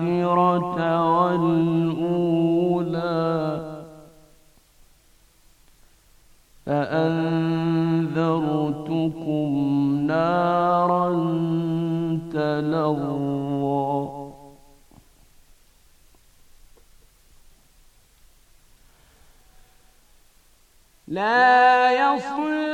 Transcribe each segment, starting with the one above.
الآخرة والأولى فأنذرتكم نارا تلظى لا يصلى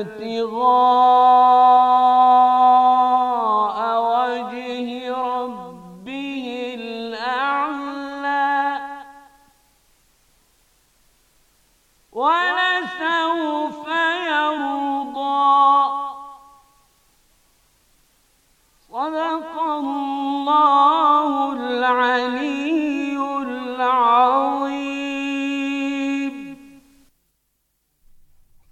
ابتغاء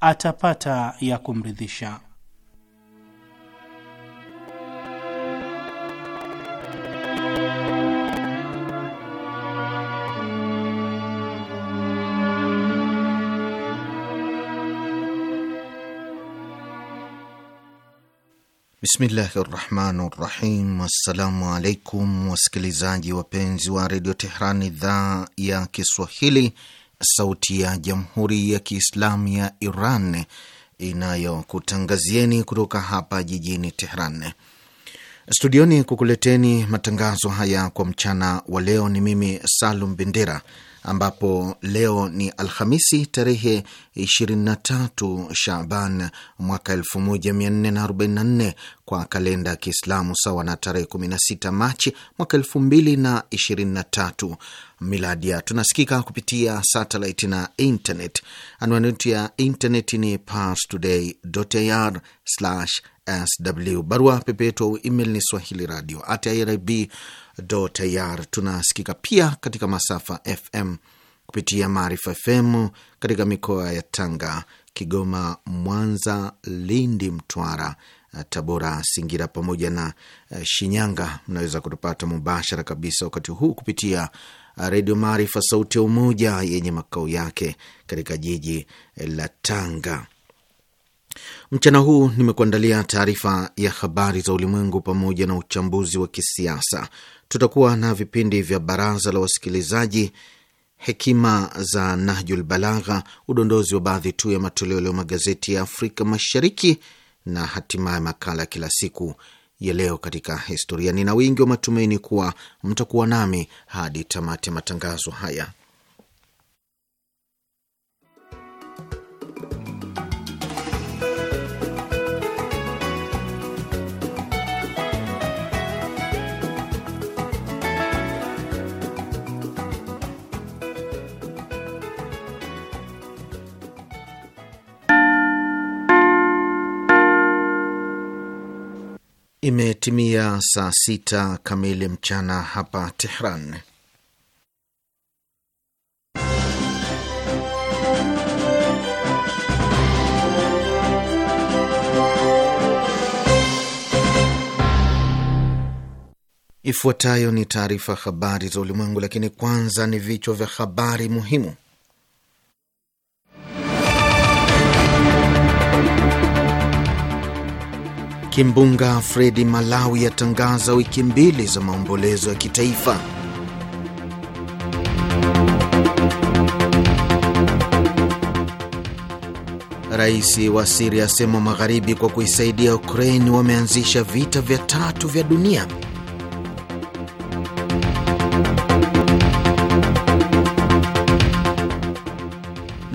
atapata ya kumridhisha. Bismillahi rahmani rahim. Assalamu alaikum wasikilizaji wapenzi wa redio Tehran, idhaa ya Kiswahili, Sauti ya Jamhuri ya Kiislamu ya Iran inayokutangazieni kutoka hapa jijini Tehran studioni kukuleteni matangazo haya kwa mchana wa leo. Ni mimi Salum Bendera ambapo leo ni Alhamisi tarehe 23 Shaban mwaka 1444 kwa kalenda ya Kiislamu, sawa na tarehe 16 Machi mwaka 2023 miladia. Tunasikika kupitia satelit na internet. Anwani yetu ya internet ni parstoday.ir sw, barua pepe yetu au email ni swahili radio at irib ir. Tunasikika pia katika masafa FM kupitia Maarifa FM katika mikoa ya Tanga, Kigoma, Mwanza, Lindi, Mtwara, Tabora, singira pamoja na eh, Shinyanga. Mnaweza kutupata mubashara kabisa wakati huu kupitia eh, Redio Maarifa, sauti ya Umoja, yenye makao yake katika jiji eh, la Tanga. Mchana huu nimekuandalia taarifa ya habari za ulimwengu pamoja na uchambuzi wa kisiasa. Tutakuwa na vipindi vya baraza la wasikilizaji, hekima za Nahjul Balagha, udondozi wa baadhi tu ya matoleo leo magazeti ya Afrika Mashariki, na hatimaye makala ya kila siku ya leo katika historia. Nina wingi wa matumaini kuwa mtakuwa nami hadi tamati ya matangazo haya. Imetimia saa sita kamili mchana hapa Tehran. Ifuatayo ni taarifa habari za ulimwengu, lakini kwanza ni vichwa vya habari muhimu. Kimbunga Fredi Malawi yatangaza wiki mbili za maombolezo ya kitaifa. Rais wa Siria asema magharibi kwa kuisaidia Ukraini wameanzisha vita vya tatu vya dunia.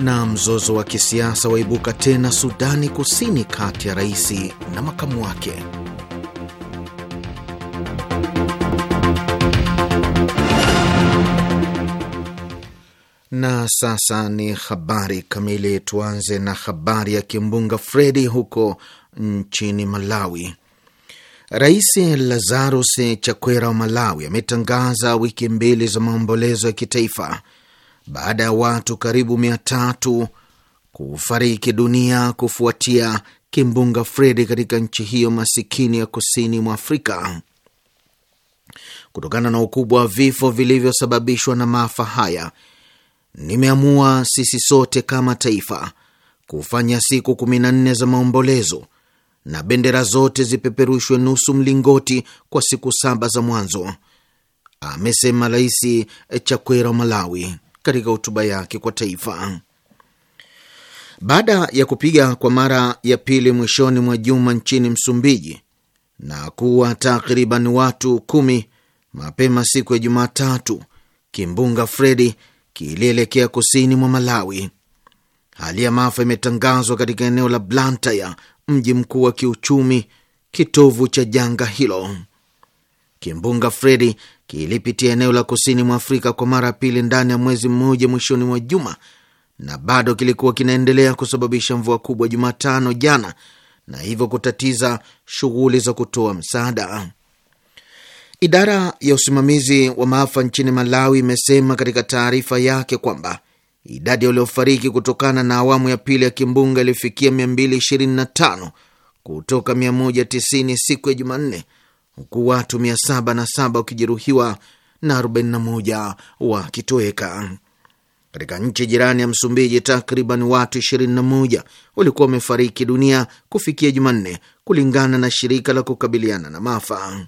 Na mzozo wa kisiasa waibuka tena Sudani Kusini kati ya rais na makamu wake. Na sasa ni habari kamili. Tuanze na habari ya kimbunga Fredi huko nchini Malawi. Rais Lazarus Chakwera wa Malawi ametangaza wiki mbili za maombolezo ya kitaifa baada ya watu karibu mia tatu kufariki dunia kufuatia kimbunga Fredi katika nchi hiyo masikini ya kusini mwa Afrika. Kutokana na ukubwa wa vifo vilivyosababishwa na maafa haya, nimeamua sisi sote kama taifa kufanya siku 14 za maombolezo na bendera zote zipeperushwe nusu mlingoti kwa siku saba za mwanzo, amesema Rais Chakwera Malawi katika hotuba yake kwa taifa. Baada ya kupiga kwa mara ya pili mwishoni mwa juma nchini Msumbiji na kuwa takriban watu kumi, mapema siku ya Jumatatu, kimbunga Fredi kilielekea kusini mwa Malawi. Hali ya maafa imetangazwa katika eneo la Blantyre, mji mkuu wa kiuchumi, kitovu cha janga hilo. Kimbunga Fredi kilipitia eneo la kusini mwa Afrika kwa mara ya pili ndani ya mwezi mmoja mwishoni mwa juma na bado kilikuwa kinaendelea kusababisha mvua kubwa Jumatano jana na hivyo kutatiza shughuli za kutoa msaada. Idara ya usimamizi wa maafa nchini Malawi imesema katika taarifa yake kwamba idadi ya waliofariki kutokana na awamu ya pili ya kimbunga ilifikia 225 kutoka 190 siku ya Jumanne huku watu 707 wakijeruhiwa na 41 wakitoweka. Katika nchi jirani ya Msumbiji, takriban watu 21 walikuwa wamefariki dunia kufikia Jumanne, kulingana na shirika la kukabiliana na maafa.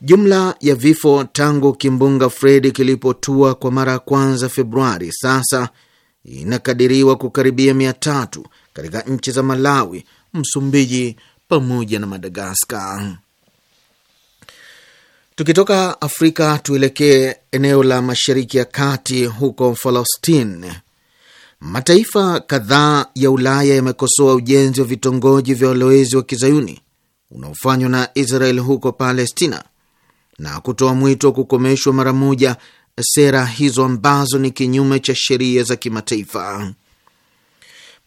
Jumla ya vifo tangu kimbunga Fredi kilipotua kwa mara ya kwanza Februari sasa inakadiriwa kukaribia mia tatu katika nchi za Malawi, Msumbiji pamoja na Madagaskar. Tukitoka Afrika tuelekee eneo la Mashariki ya Kati, huko Falastine. Mataifa kadhaa ya Ulaya yamekosoa ujenzi wa vitongoji vya walowezi wa kizayuni unaofanywa na Israel huko Palestina na kutoa mwito wa kukomeshwa mara moja sera hizo ambazo ni kinyume cha sheria za kimataifa.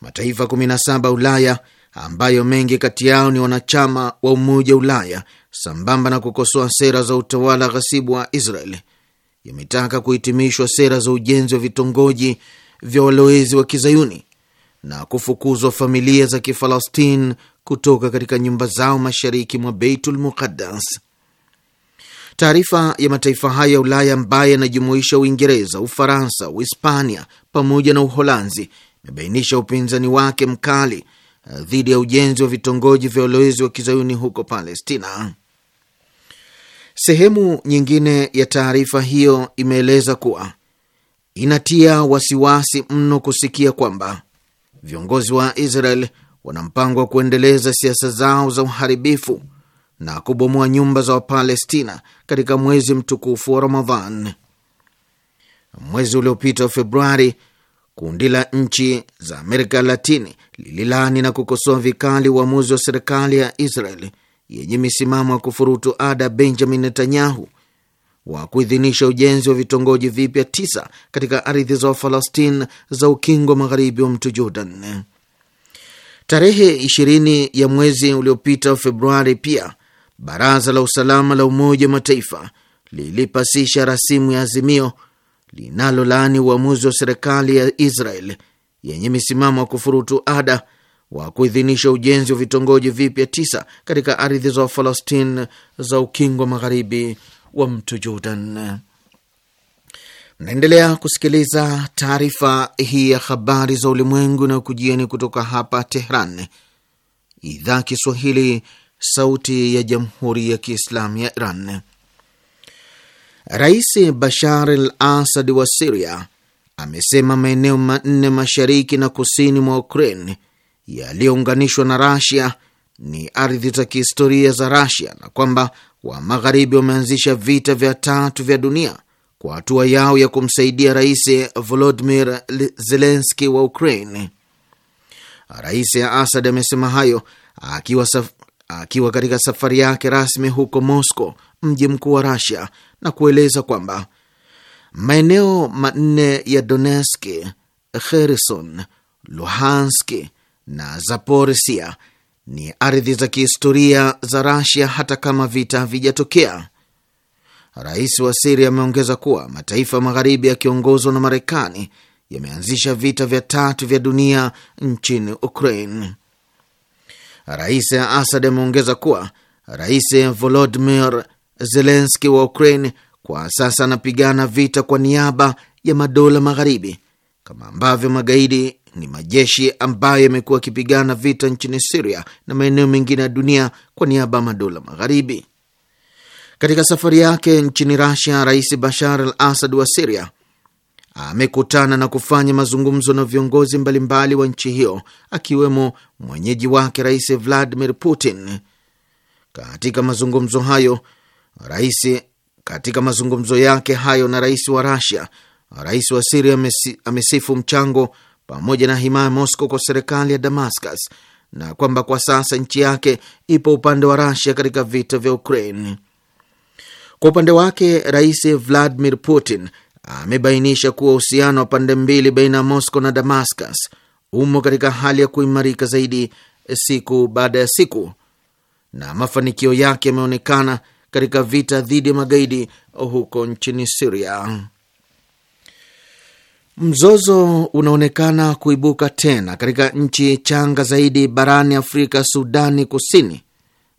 Mataifa 17 Ulaya ambayo mengi kati yao ni wanachama wa Umoja wa Ulaya sambamba na kukosoa sera za utawala ghasibu wa Israel, yametaka kuhitimishwa sera za ujenzi wa vitongoji vya walowezi wa kizayuni na kufukuzwa familia za Kifalastini kutoka katika nyumba zao mashariki mwa Beitul Muqaddas. Taarifa ya mataifa hayo ya Ulaya ambayo yanajumuisha Uingereza, Ufaransa, Uhispania pamoja na Uholanzi imebainisha upinzani wake mkali Uh, dhidi ya ujenzi wa vitongoji vya ulowezi wa kizayuni huko Palestina. Sehemu nyingine ya taarifa hiyo imeeleza kuwa inatia wasiwasi mno kusikia kwamba viongozi wa Israel wana mpango wa kuendeleza siasa zao za uharibifu na kubomoa nyumba za Wapalestina katika mwezi mtukufu wa Ramadhan. Mwezi uliopita wa Februari, Kundi la nchi za Amerika Latini lililani na kukosoa vikali uamuzi wa serikali ya Israel yenye misimamo ya kufurutu ada Benjamin Netanyahu wa kuidhinisha ujenzi wa vitongoji vipya tisa katika ardhi za Wafalastine za ukingo magharibi wa mto Jordan. Tarehe ishirini ya mwezi uliopita Februari, pia baraza la usalama la Umoja wa Mataifa lilipasisha rasimu ya azimio linalolaani uamuzi wa serikali ya Israel yenye misimamo wa kufurutu ada wa kuidhinisha ujenzi wa vitongoji vipya tisa katika ardhi za Wafalastin za ukingo magharibi wa mto Jordan. Mnaendelea kusikiliza taarifa hii ya habari za ulimwengu na kujieni kutoka hapa Tehran, idhaa Kiswahili, sauti ya jamhuri ya kiislamu ya Iran. Rais Bashar al Asad wa Siria amesema maeneo manne mashariki na kusini mwa Ukraine yaliyounganishwa na Rasia ni ardhi za kihistoria za Rasia na kwamba wa magharibi wameanzisha vita vya tatu vya dunia kwa hatua yao ya kumsaidia Rais Volodimir Zelenski wa Ukraine. Rais Asad amesema hayo akiwa saf akiwa katika safari yake rasmi huko Moscow, mji mkuu wa rasia na kueleza kwamba maeneo manne ya Donetsk, Kherson, Luhansk na Zaporisia ni ardhi za kihistoria za Rasia hata kama vita havijatokea. Rais wa Siria ameongeza kuwa mataifa magharibi yakiongozwa na Marekani yameanzisha vita vya tatu vya dunia nchini Ukraine. Rais Asad ameongeza kuwa Rais Volodimir Zelenski wa Ukraine kwa sasa anapigana vita kwa niaba ya madola magharibi, kama ambavyo magaidi ni majeshi ambayo yamekuwa yakipigana vita nchini Siria na maeneo mengine ya dunia kwa niaba ya madola magharibi. Katika safari yake nchini Rasia, Rais Bashar al Asad wa Siria amekutana na kufanya mazungumzo na viongozi mbalimbali wa nchi hiyo akiwemo mwenyeji wake Rais Vladimir Putin. Katika mazungumzo hayo rais, katika mazungumzo yake hayo na rais wa rasia rais wa Siria amesifu mchango pamoja na himaya Moscow kwa serikali ya Damascus na kwamba kwa sasa nchi yake ipo upande wa rasia katika vita vya Ukraine. Kwa upande wake rais Vladimir Putin amebainisha kuwa uhusiano wa pande mbili baina ya Moscow na Damascus umo katika hali ya kuimarika zaidi siku baada ya siku na mafanikio yake yameonekana katika vita dhidi ya magaidi huko nchini Siria. Mzozo unaonekana kuibuka tena katika nchi changa zaidi barani Afrika, Sudani Kusini,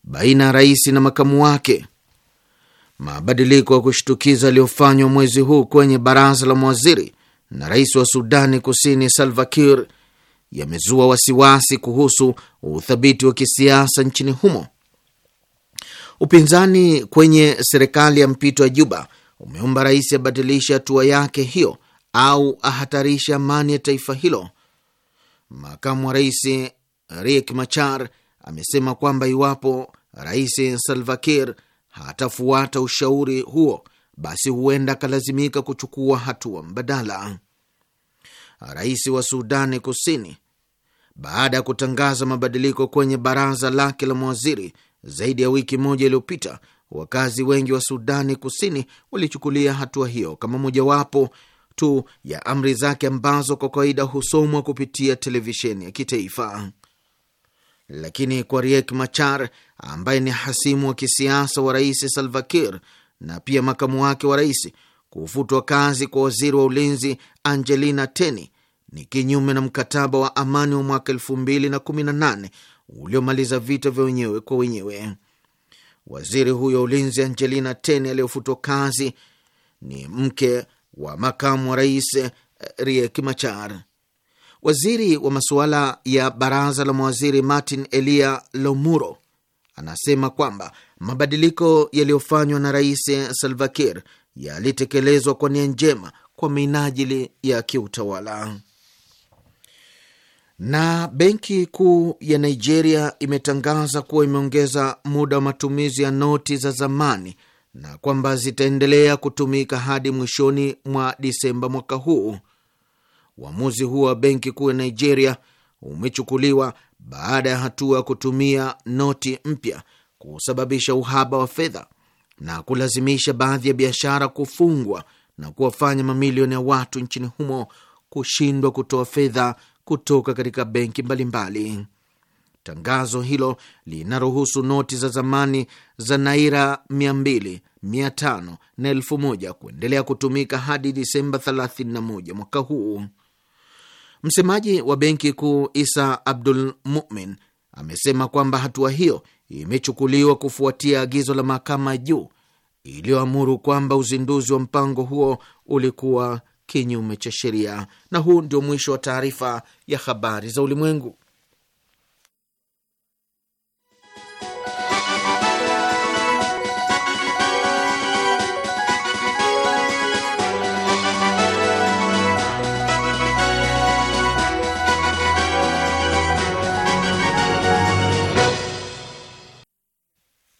baina ya rais na makamu wake Mabadiliko ya kushtukiza yaliyofanywa mwezi huu kwenye baraza la mawaziri na rais wa Sudani Kusini Salva Kiir yamezua wasiwasi kuhusu uthabiti wa kisiasa nchini humo. Upinzani kwenye serikali ya mpito ya Juba umeomba rais abadilishe hatua yake hiyo au ahatarishe amani ya taifa hilo. Makamu wa rais Riek Machar amesema kwamba iwapo rais Salva Kiir hatafuata ushauri huo, basi huenda akalazimika kuchukua hatua mbadala. Rais wa Sudani Kusini, baada ya kutangaza mabadiliko kwenye baraza lake la mawaziri zaidi ya wiki moja iliyopita, wakazi wengi wa Sudani Kusini walichukulia hatua hiyo kama mojawapo tu ya amri zake ambazo kwa kawaida husomwa kupitia televisheni ya kitaifa lakini kwa Riek Machar ambaye ni hasimu wa kisiasa wa rais Salva Kiir na pia makamu wake wa rais, kufutwa kazi kwa waziri wa ulinzi Angelina Teny ni kinyume na mkataba wa amani wa mwaka elfu uliomaliza vita vya wenyewe kwa wenyewe. Waziri huyo wa ulinzi Angelina Teny aliyofutwa kazi ni mke wa makamu wa rais eh, Riek Machar. Waziri wa masuala ya baraza la mawaziri Martin Elia Lomuro anasema kwamba mabadiliko yaliyofanywa na Rais Salva Kiir yalitekelezwa kwa nia njema kwa minajili ya kiutawala. Na benki kuu ya Nigeria imetangaza kuwa imeongeza muda wa matumizi ya noti za zamani na kwamba zitaendelea kutumika hadi mwishoni mwa Disemba mwaka huu. Uamuzi huo wa benki kuu ya Nigeria umechukuliwa baada ya hatua ya kutumia noti mpya kusababisha uhaba wa fedha na kulazimisha baadhi ya biashara kufungwa na kuwafanya mamilioni ya watu nchini humo kushindwa kutoa fedha kutoka katika benki mbalimbali. Tangazo hilo linaruhusu noti za zamani za naira 200, 500 na 1000 kuendelea kutumika hadi Disemba 31 mwaka huu. Msemaji wa benki kuu Isa Abdul Mumin amesema kwamba hatua hiyo imechukuliwa kufuatia agizo la mahakama juu iliyoamuru kwamba uzinduzi wa mpango huo ulikuwa kinyume cha sheria. Na huu ndio mwisho wa taarifa ya habari za ulimwengu.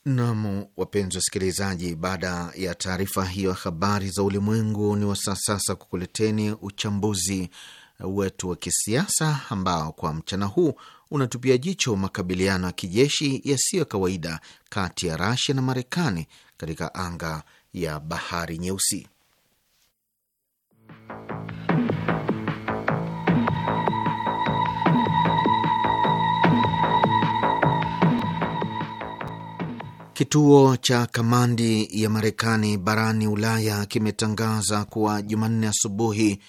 Nam, wapenzi wasikilizaji, baada ya taarifa hiyo ya habari za ulimwengu, ni wasaa sasa kukuleteni uchambuzi wetu wa kisiasa ambao kwa mchana huu unatupia jicho makabiliano ya kijeshi yasiyo ya kawaida kati ya Rasia na Marekani katika anga ya bahari Nyeusi. Kituo cha kamandi ya Marekani barani Ulaya kimetangaza kuwa Jumanne asubuhi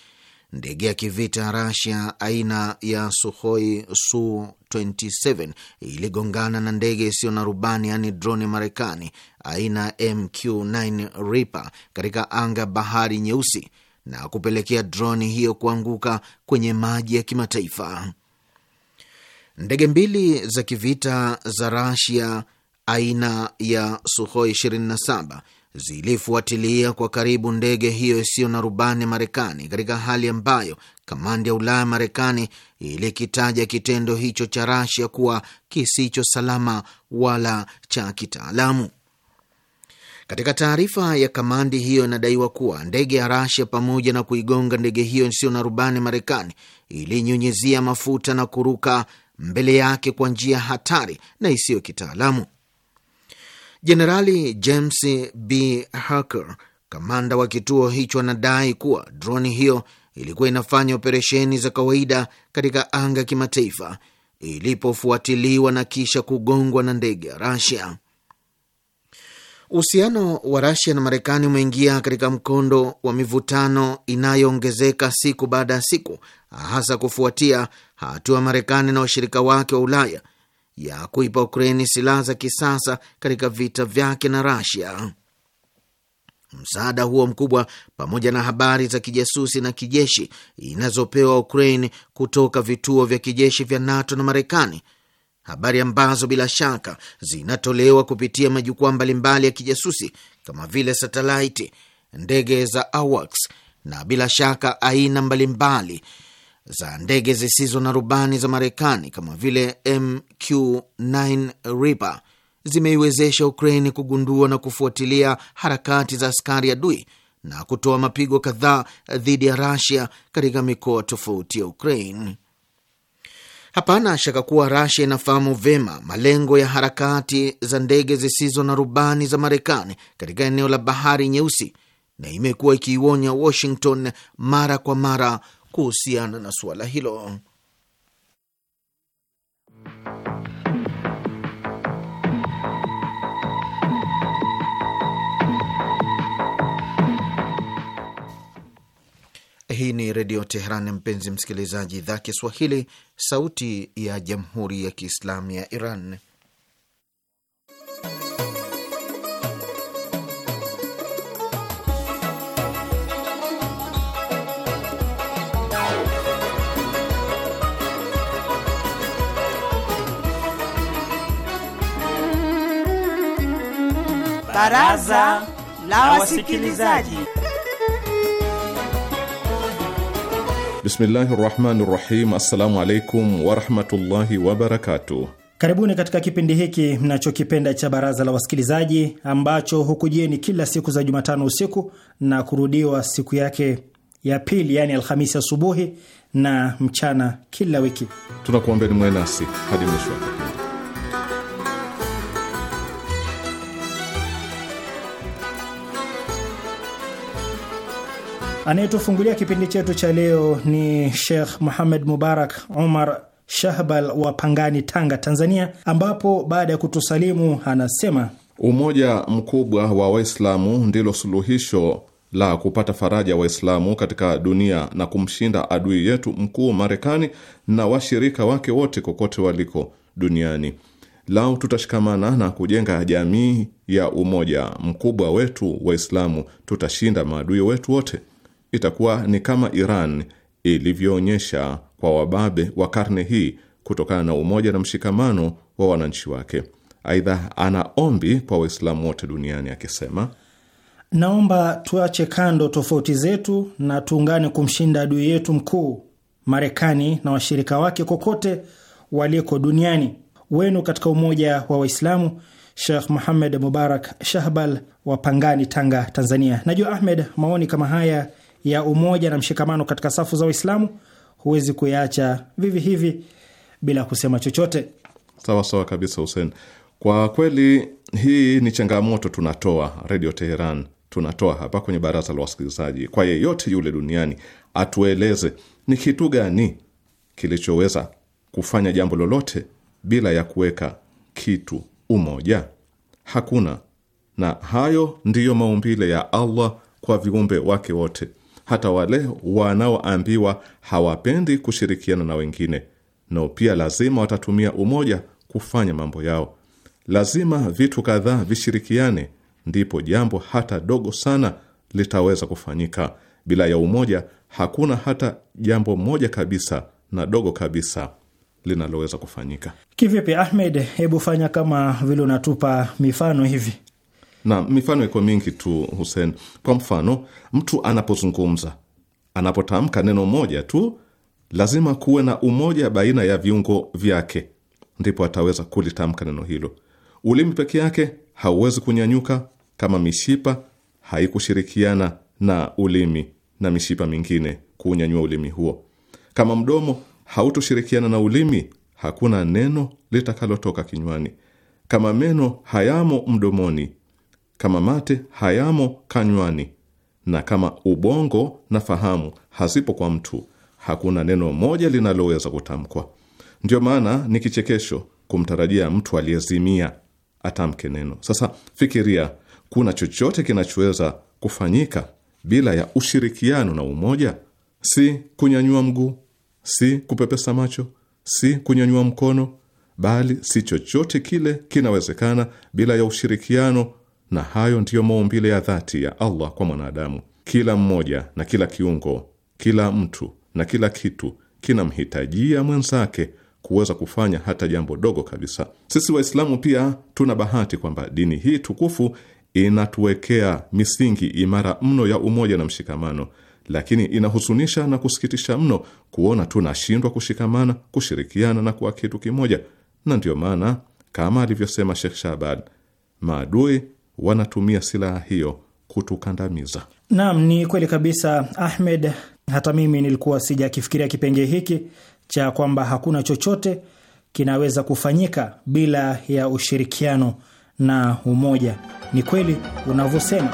ndege ya kivita Rasia aina ya Suhoi Su 27 iligongana na ndege isiyo na rubani yaani droni ya Marekani aina MQ9 Reaper katika anga bahari nyeusi na kupelekea droni hiyo kuanguka kwenye maji ya kimataifa. Ndege mbili za kivita za Rasia aina ya Suhoi 27 zilifuatilia kwa karibu ndege hiyo isiyo na rubani Marekani, katika hali ambayo kamandi ya Ulaya Marekani ilikitaja kitendo hicho cha Rasia kuwa kisicho salama wala cha kitaalamu. Katika taarifa ya kamandi hiyo inadaiwa kuwa ndege ya Rasia pamoja na kuigonga ndege hiyo isiyo na rubani Marekani ilinyunyizia mafuta na kuruka mbele yake kwa njia hatari na isiyo kitaalamu. Jenerali James B Hacker, kamanda wa kituo hicho, anadai kuwa droni hiyo ilikuwa inafanya operesheni za kawaida katika anga ya kimataifa ilipofuatiliwa na kisha kugongwa na ndege ya Rasia. Uhusiano wa Rasia na Marekani umeingia katika mkondo wa mivutano inayoongezeka siku baada ya siku, hasa kufuatia hatua ya Marekani na washirika wake wa Ulaya ya kuipa Ukraini silaha za kisasa katika vita vyake na Rasia. Msaada huo mkubwa pamoja na habari za kijasusi na kijeshi inazopewa ukrain kutoka vituo vya kijeshi vya NATO na Marekani, habari ambazo bila shaka zinatolewa kupitia majukwaa mbalimbali ya kijasusi kama vile satelaiti, ndege za AWACS na bila shaka aina mbalimbali za ndege zisizo na rubani za Marekani kama vile MQ9 Reaper zimeiwezesha Ukraini kugundua na kufuatilia harakati za askari adui na kutoa mapigo kadhaa dhidi ya Rasia katika mikoa tofauti ya Ukraine. Hapana shaka kuwa Rasia inafahamu vema malengo ya harakati za ndege zisizo na rubani za Marekani katika eneo la Bahari Nyeusi na imekuwa ikiionya Washington mara kwa mara kuhusiana na suala hilo. Hii ni Redio Teheran, mpenzi msikilizaji, idhaa Kiswahili, sauti ya Jamhuri ya Kiislamu ya Iran. Baraza la Wasikilizaji. Bismillahi rahmani rahim. Assalamu alaikum warahmatullahi wabarakatuh. Karibuni katika kipindi hiki mnachokipenda cha Baraza la Wasikilizaji ambacho hukujieni kila siku za Jumatano usiku na kurudiwa siku yake ya pili, yaani Alhamisi asubuhi ya na mchana kila wiki. Tunakuombeni mwenasi hadi mwisho. wa kipindi. Anayetufungulia kipindi chetu cha leo ni Sheikh Muhammad Mubarak Omar Shahbal wa Pangani, Tanga, Tanzania, ambapo baada ya kutusalimu anasema umoja mkubwa wa Waislamu ndilo suluhisho la kupata faraja Waislamu katika dunia na kumshinda adui yetu mkuu Marekani na washirika wake wote kokote waliko duniani. Lau tutashikamana na kujenga jamii ya umoja mkubwa wetu Waislamu, tutashinda maadui wetu wote itakuwa ni kama Iran ilivyoonyesha kwa wababe wa karne hii kutokana na umoja na mshikamano wa wananchi wake. Aidha, ana ombi kwa Waislamu wote duniani akisema, naomba tuache kando tofauti zetu na tuungane kumshinda adui yetu mkuu Marekani na washirika wake kokote waliko duniani. Wenu katika umoja wa Waislamu, Shekh Muhamed Mubarak Shahbal wa Pangani, Tanga, Tanzania. Najua Ahmed, maoni kama haya ya umoja na mshikamano katika safu za Waislamu, huwezi kuyaacha vivi hivi bila kusema chochote. Sawa sawa kabisa, Hussein. Kwa kweli hii ni changamoto tunatoa Redio Teheran, tunatoa hapa kwenye baraza la wasikilizaji, kwa yeyote yule duniani atueleze ni kitu gani kilichoweza kufanya jambo lolote bila ya kuweka kitu umoja. Hakuna, na hayo ndiyo maumbile ya Allah kwa viumbe wake wote hata wale wanaoambiwa hawapendi kushirikiana na wengine, nao pia lazima watatumia umoja kufanya mambo yao. Lazima vitu kadhaa vishirikiane, ndipo jambo hata dogo sana litaweza kufanyika. Bila ya umoja, hakuna hata jambo moja kabisa na dogo kabisa linaloweza kufanyika. Kivipi Ahmed? Hebu fanya kama vile unatupa mifano hivi. Na mifano iko mingi tu, Hussein. Kwa mfano, mtu anapozungumza, anapotamka neno moja tu, lazima kuwe na umoja baina ya viungo vyake, ndipo ataweza kulitamka neno hilo. Ulimi peke yake hauwezi kunyanyuka kama mishipa haikushirikiana na ulimi na mishipa mingine kuunyanyua ulimi huo. Kama mdomo hautoshirikiana na ulimi, hakuna neno litakalotoka kinywani. Kama meno hayamo mdomoni kama mate hayamo kanywani, na kama ubongo na fahamu hazipo kwa mtu, hakuna neno moja linaloweza kutamkwa. ndio maana ni kichekesho kumtarajia mtu aliyezimia atamke neno. Sasa fikiria, kuna chochote kinachoweza kufanyika bila ya ushirikiano na umoja? Si kunyanyua mguu, si kupepesa macho, si kunyanyua mkono, bali si chochote kile kinawezekana bila ya ushirikiano na hayo ndiyo maumbile ya dhati ya Allah kwa mwanadamu. Kila mmoja na kila kiungo, kila mtu na kila kitu kinamhitajia mwenzake kuweza kufanya hata jambo dogo kabisa. Sisi Waislamu pia tuna bahati kwamba dini hii tukufu inatuwekea misingi imara mno ya umoja na mshikamano, lakini inahusunisha na kusikitisha mno kuona tunashindwa kushikamana, kushirikiana na kuwa kitu kimoja. Na ndiyo maana kama alivyosema Sheikh Shabad, maadui wanatumia silaha hiyo kutukandamiza. Naam, ni kweli kabisa Ahmed. Hata mimi nilikuwa sijakifikiria kipengee hiki cha kwamba hakuna chochote kinaweza kufanyika bila ya ushirikiano na umoja. Ni kweli unavyosema.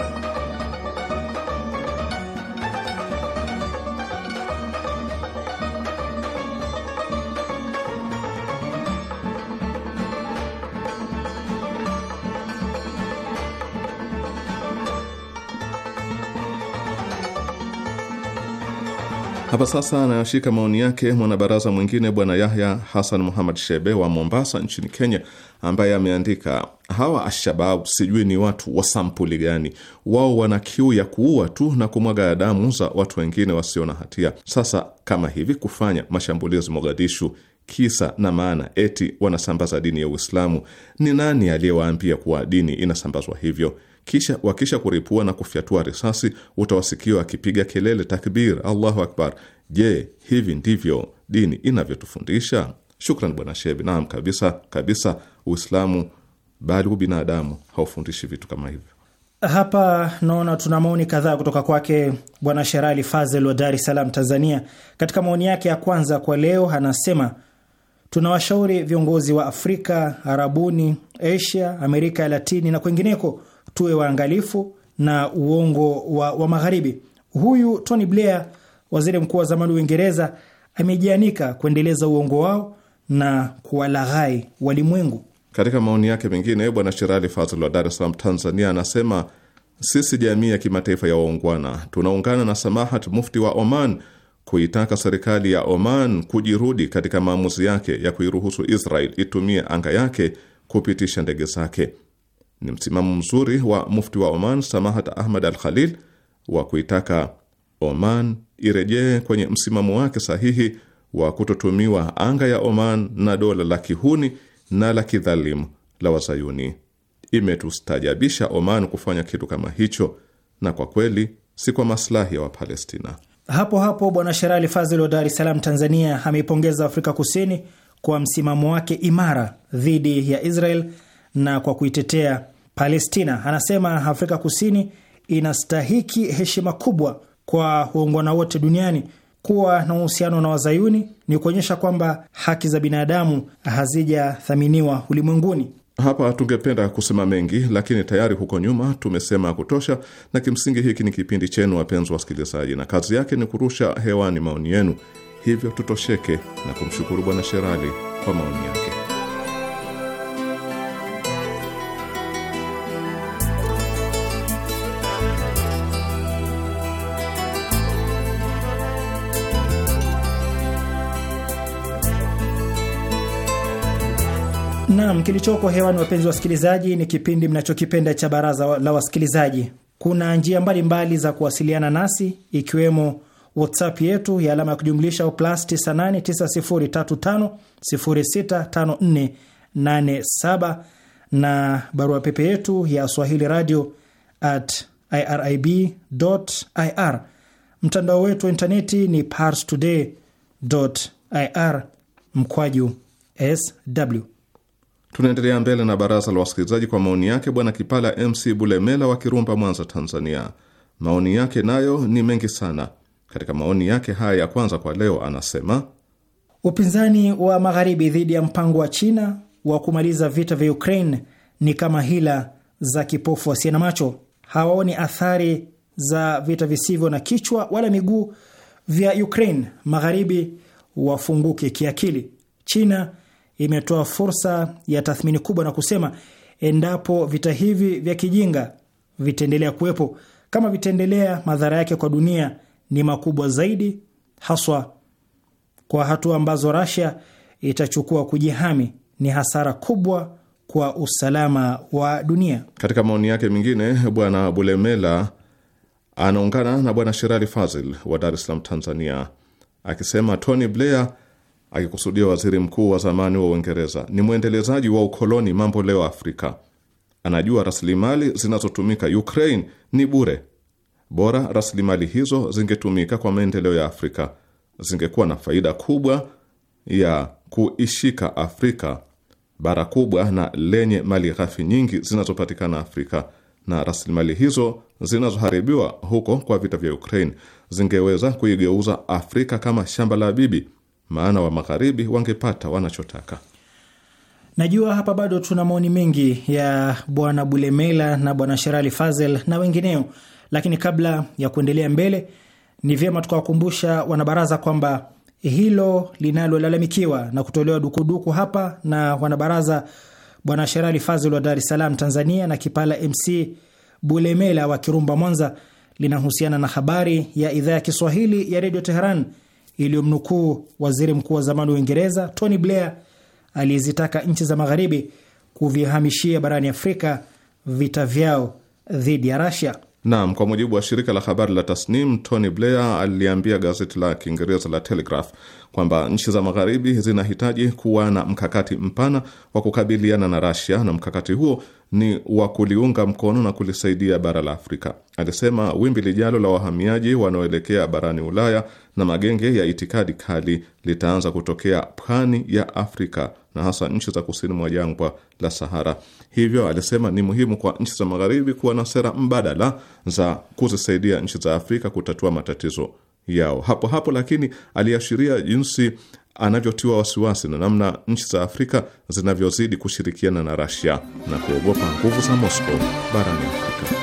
Hapa sasa anayashika maoni yake mwanabaraza mwingine Bwana Yahya Hasan Muhamad Shebe wa Mombasa nchini Kenya, ambaye ameandika hawa Alshabab sijui ni watu wa sampuli gani. Wao wana kiu ya kuua tu na kumwaga damu za watu wengine wasio na hatia. Sasa kama hivi kufanya mashambulizi Mogadishu kisa na maana eti wanasambaza dini ya Uislamu, ni nani aliyewaambia kuwa dini inasambazwa hivyo? kisha wakisha kuripua na kufyatua risasi, utawasikia akipiga kelele takbir, Allahu akbar. Je, hivi ndivyo dini inavyotufundisha? Shukran bwana Shebi. Naam, kabisa kabisa, Uislamu bali ubinadamu haufundishi vitu kama hivyo. Hapa naona tuna maoni kadhaa kutoka kwake bwana Sherali Fazel wa Dar es Salaam, Tanzania. Katika maoni yake ya kwanza kwa leo anasema tunawashauri viongozi wa Afrika, Arabuni, Asia, Amerika ya Latini na kwengineko tuwe waangalifu na uongo wa, wa magharibi. Huyu Tony Blair, waziri mkuu wa zamani wa Uingereza, amejianika kuendeleza uongo wao na kuwalaghai walimwengu. Katika maoni yake mengine, Bwana Sherali Fazl wa Dar es Salaam, Tanzania, anasema sisi jamii ya kimataifa ya waungwana tunaungana na Samahat Mufti wa Oman kuitaka serikali ya Oman kujirudi katika maamuzi yake ya kuiruhusu Israel itumie anga yake kupitisha ndege zake. Ni msimamo mzuri wa mufti wa Oman Samahat Ahmad al Khalil wa kuitaka Oman irejee kwenye msimamo wake sahihi wa kutotumiwa anga ya Oman na dola la kihuni na la kidhalimu la Wazayuni. Imetustajabisha Oman kufanya kitu kama hicho, na kwa kweli si kwa maslahi ya Wapalestina. Hapo hapo Bwana Sherali Fazil wa Dar es Salaam, Tanzania, ameipongeza Afrika Kusini kwa msimamo wake imara dhidi ya Israel na kwa kuitetea Palestina. Anasema Afrika Kusini inastahiki heshima kubwa kwa waungwana wote duniani. Kuwa na uhusiano na wazayuni ni kuonyesha kwamba haki za binadamu hazijathaminiwa ulimwenguni. Hapa tungependa kusema mengi, lakini tayari huko nyuma tumesema kutosha, na kimsingi hiki ni kipindi chenu, wapenzi wasikilizaji, na kazi yake ni kurusha hewani maoni yenu. Hivyo tutosheke na kumshukuru Bwana Sherali kwa maoni yake. Naam, kilichoko hewani wapenzi wasikilizaji, ni kipindi mnachokipenda cha baraza la wasikilizaji. Kuna njia mbalimbali mbali za kuwasiliana nasi ikiwemo WhatsApp yetu ya alama ya kujumlisha au plus 989035065487 na barua pepe yetu ya swahili radio at irib ir. Mtandao wetu wa intaneti ni pars today ir mkwaju sw Tunaendelea mbele na baraza la wasikilizaji kwa maoni yake bwana Kipala MC Bulemela wa Kirumba, Mwanza, Tanzania. Maoni yake nayo ni mengi sana. Katika maoni yake haya ya kwanza kwa leo anasema upinzani wa magharibi dhidi ya mpango wa China wa kumaliza vita vya Ukraine ni kama hila za kipofu asiye na macho. Hawaoni athari za vita visivyo na kichwa wala miguu vya Ukraine. Magharibi wafunguke kiakili. China imetoa fursa ya tathmini kubwa na kusema endapo vita hivi vya kijinga vitaendelea kuwepo, kama vitaendelea, madhara yake kwa dunia ni makubwa zaidi, haswa kwa hatua ambazo Russia itachukua kujihami. Ni hasara kubwa kwa usalama wa dunia. Katika maoni yake mengine, Bwana Bulemela anaungana na Bwana Sherali Fazil wa Dar es Salaam, Tanzania, akisema Tony Blair akikusudia waziri mkuu wa zamani wa Uingereza, ni mwendelezaji wa ukoloni mambo leo Afrika. Anajua rasilimali zinazotumika Ukraine ni bure. Bora rasilimali hizo zingetumika kwa maendeleo ya Afrika, zingekuwa na faida kubwa ya kuishika Afrika, bara kubwa na lenye mali ghafi nyingi zinazopatikana Afrika, na rasilimali hizo zinazoharibiwa huko kwa vita vya Ukraine zingeweza kuigeuza Afrika kama shamba la bibi maana wa magharibi wangepata wanachotaka. Najua hapa bado tuna maoni mengi ya bwana Bulemela na bwana Sherali Fazel na wengineo, lakini kabla ya kuendelea mbele, ni vyema tukawakumbusha wanabaraza kwamba hilo linalolalamikiwa na kutolewa dukuduku hapa na wanabaraza bwana Sherali Fazel wa Dar es Salaam, Tanzania, na Kipala MC Bulemela wa Kirumba, Mwanza, linahusiana na habari ya idhaa ya Kiswahili ya redio Teheran iliyomnukuu waziri mkuu wa zamani wa Uingereza Tony Blair aliyezitaka nchi za magharibi kuvihamishia barani Afrika vita vyao dhidi ya rasia Naam, kwa mujibu wa shirika la habari la Tasnim, Tony Blair aliambia gazeti la Kiingereza la Telegraph kwamba nchi za magharibi zinahitaji kuwa na mkakati mpana wa kukabiliana na rasia na mkakati huo ni wa kuliunga mkono na kulisaidia bara la Afrika. Alisema wimbi lijalo la wahamiaji wanaoelekea barani Ulaya na magenge ya itikadi kali litaanza kutokea pwani ya Afrika na hasa nchi za kusini mwa jangwa la Sahara. Hivyo alisema ni muhimu kwa nchi za magharibi kuwa na sera mbadala za kuzisaidia nchi za Afrika kutatua matatizo yao hapo hapo. Lakini aliashiria jinsi anavyotiwa wasiwasi na namna nchi za Afrika zinavyozidi kushirikiana na Rasia na kuogopa nguvu za Moscow barani Afrika.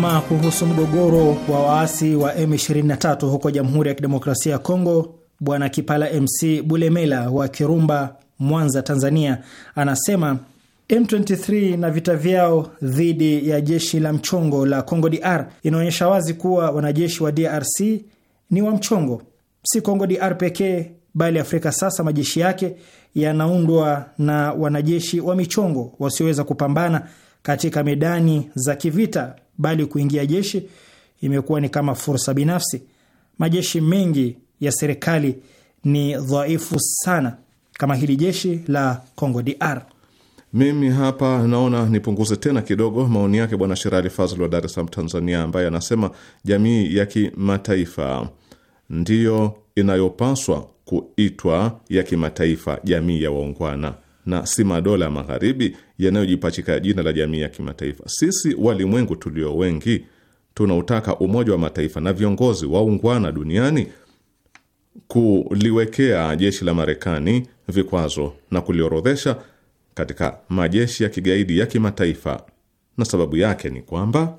Ama kuhusu mgogoro wa waasi wa M23 huko Jamhuri ya Kidemokrasia ya Kongo, Bwana Kipala MC Bulemela wa Kirumba, Mwanza, Tanzania, anasema M23 na vita vyao dhidi ya jeshi la mchongo la Congo DR inaonyesha wazi kuwa wanajeshi wa DRC ni wa mchongo, si Congo DR pekee, bali Afrika sasa majeshi yake yanaundwa na wanajeshi wa michongo wasioweza kupambana katika medani za kivita bali kuingia jeshi imekuwa ni kama fursa binafsi. Majeshi mengi ya serikali ni dhaifu sana, kama hili jeshi la Congo DR. Mimi hapa naona nipunguze tena kidogo maoni yake Bwana Sherali Fazl wa Dar es Salaam, Tanzania, ambaye anasema jamii ya kimataifa ndiyo inayopaswa kuitwa ya kimataifa, jamii ya waungwana na si madola ya magharibi yanayojipachika jina la jamii ya kimataifa. Sisi walimwengu tulio wengi tunautaka Umoja wa Mataifa na viongozi waungwana duniani kuliwekea jeshi la Marekani vikwazo na kuliorodhesha katika majeshi ya kigaidi ya kimataifa, na sababu yake ni kwamba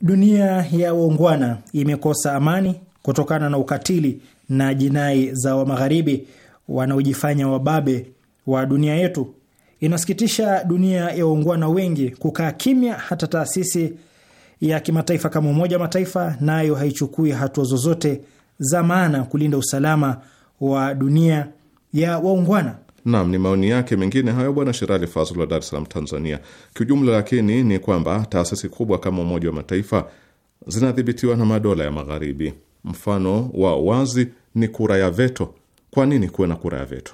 dunia ya waungwana imekosa amani kutokana na ukatili na jinai za Wamagharibi wanaojifanya wababe wa dunia yetu. Inasikitisha dunia ya waungwana wengi kukaa kimya, hata taasisi ya kimataifa kama Umoja wa Mataifa nayo haichukui hatua zozote za maana kulinda usalama wa dunia ya waungwana. Naam, ni maoni yake mengine hayo Bwana Sherali Fazl wa Dar es Salaam, Tanzania. Kiujumla lakini ni kwamba taasisi kubwa kama Umoja wa Mataifa zinadhibitiwa na madola ya Magharibi. Mfano wa wazi ni kura ya veto. Kwa nini kuwe na kura ya veto?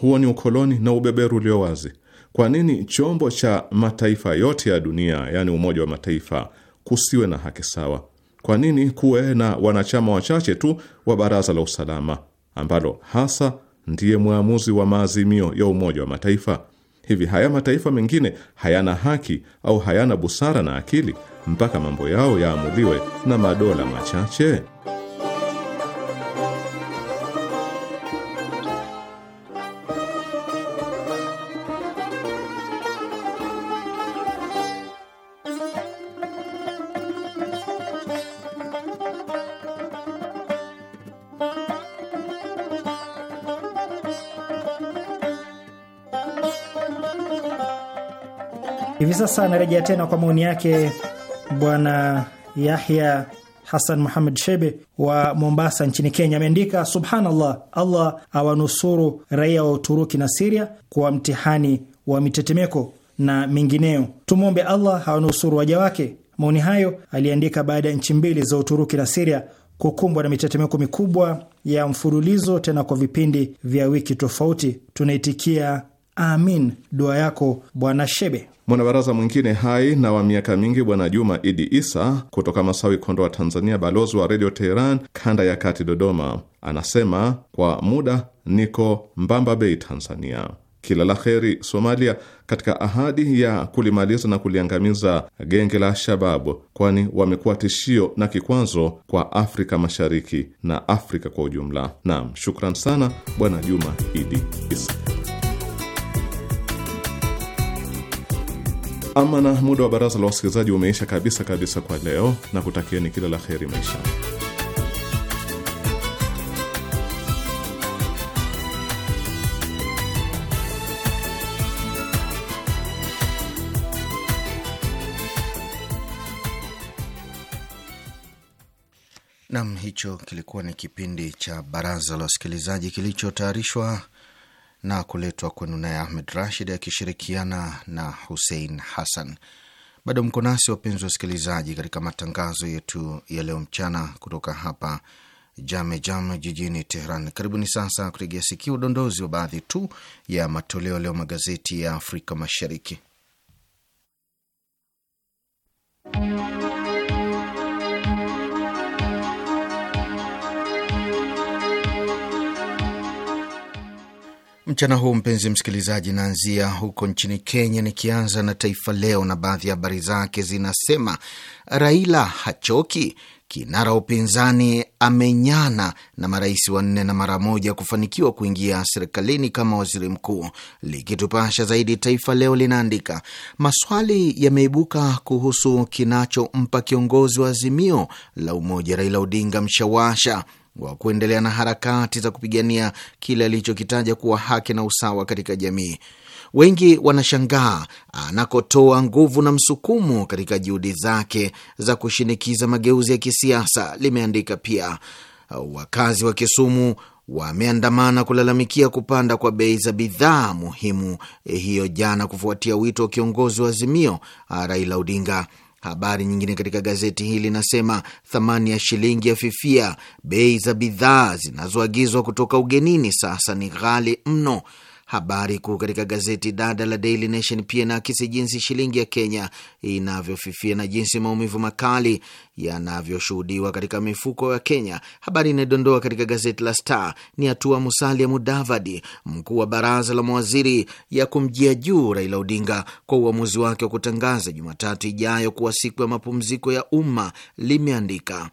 Huo ni ukoloni na ubeberu ulio wazi. Kwa nini chombo cha mataifa yote ya dunia, yaani Umoja wa Mataifa, kusiwe na haki sawa? Kwa nini kuwe na wanachama wachache tu wa Baraza la Usalama ambalo hasa ndiye mwamuzi wa maazimio ya Umoja wa Mataifa? Hivi haya mataifa mengine hayana haki au hayana busara na akili mpaka mambo yao yaamuliwe na madola machache? sasa anarejea tena kwa maoni yake bwana Yahya Hasan Muhamed Shebe wa Mombasa nchini Kenya ameandika, subhanallah, Allah awanusuru raia wa Uturuki na Siria kwa mtihani wa mitetemeko na mengineo. Tumwombe Allah awanusuru waja wake. Maoni hayo aliandika baada ya nchi mbili za Uturuki na Siria kukumbwa na mitetemeko mikubwa ya mfululizo, tena kwa vipindi vya wiki tofauti. Tunaitikia amin dua yako, bwana Shebe. Mwanabaraza mwingine hai na wa miaka mingi Bwana Juma Idi Isa kutoka Masawi, Kondoa, Tanzania, balozi wa Redio Teheran kanda ya kati, Dodoma, anasema kwa muda niko Mbamba Bay, Tanzania. Kila la heri Somalia katika ahadi ya kulimaliza na kuliangamiza genge la Shababu, kwani wamekuwa tishio na kikwazo kwa Afrika Mashariki na Afrika kwa ujumla. Naam, shukran sana Bwana Juma Idi Isa. Ama na muda wa baraza la wasikilizaji umeisha kabisa kabisa kwa leo, na kutakieni kila la heri maisha nam. Hicho kilikuwa ni kipindi cha baraza la wasikilizaji kilichotayarishwa na kuletwa kwenu naye Ahmed Rashid akishirikiana na Husein Hassan. Bado mko nasi wapenzi wasikilizaji, katika matangazo yetu ya leo mchana kutoka hapa Jame Jame jijini Tehran. Karibuni sasa kuregea sikia udondozi wa baadhi tu ya matoleo leo magazeti ya Afrika Mashariki. mchana huu, mpenzi msikilizaji, naanzia huko nchini Kenya, nikianza na Taifa Leo na baadhi ya habari zake zinasema: Raila hachoki, kinara upinzani amenyana na marais wanne na mara moja kufanikiwa kuingia serikalini kama waziri mkuu. Likitupasha zaidi, Taifa Leo linaandika maswali yameibuka kuhusu kinachompa kiongozi wa Azimio la Umoja Raila Odinga mshawasha wa kuendelea na harakati za kupigania kile alichokitaja kuwa haki na usawa katika jamii. Wengi wanashangaa anakotoa nguvu na msukumo katika juhudi zake za kushinikiza mageuzi ya kisiasa, limeandika pia. Wakazi wa Kisumu wameandamana kulalamikia kupanda kwa bei za bidhaa muhimu hiyo jana, kufuatia wito wa kiongozi wa Azimio Raila Odinga. Habari nyingine katika gazeti hili inasema thamani ya shilingi ya fifia, bei za bidhaa zinazoagizwa kutoka ugenini sasa ni ghali mno. Habari kuu katika gazeti dada la Daily Nation pia inaakisi jinsi shilingi ya Kenya inavyofifia na jinsi maumivu makali yanavyoshuhudiwa katika mifuko ya Kenya. Habari inayodondoa katika gazeti la Star ni hatua Musalia Mudavadi, mkuu wa baraza la mawaziri, ya kumjia juu Raila Odinga kwa uamuzi wake wa kutangaza Jumatatu ijayo kuwa siku ya mapumziko ya umma, limeandika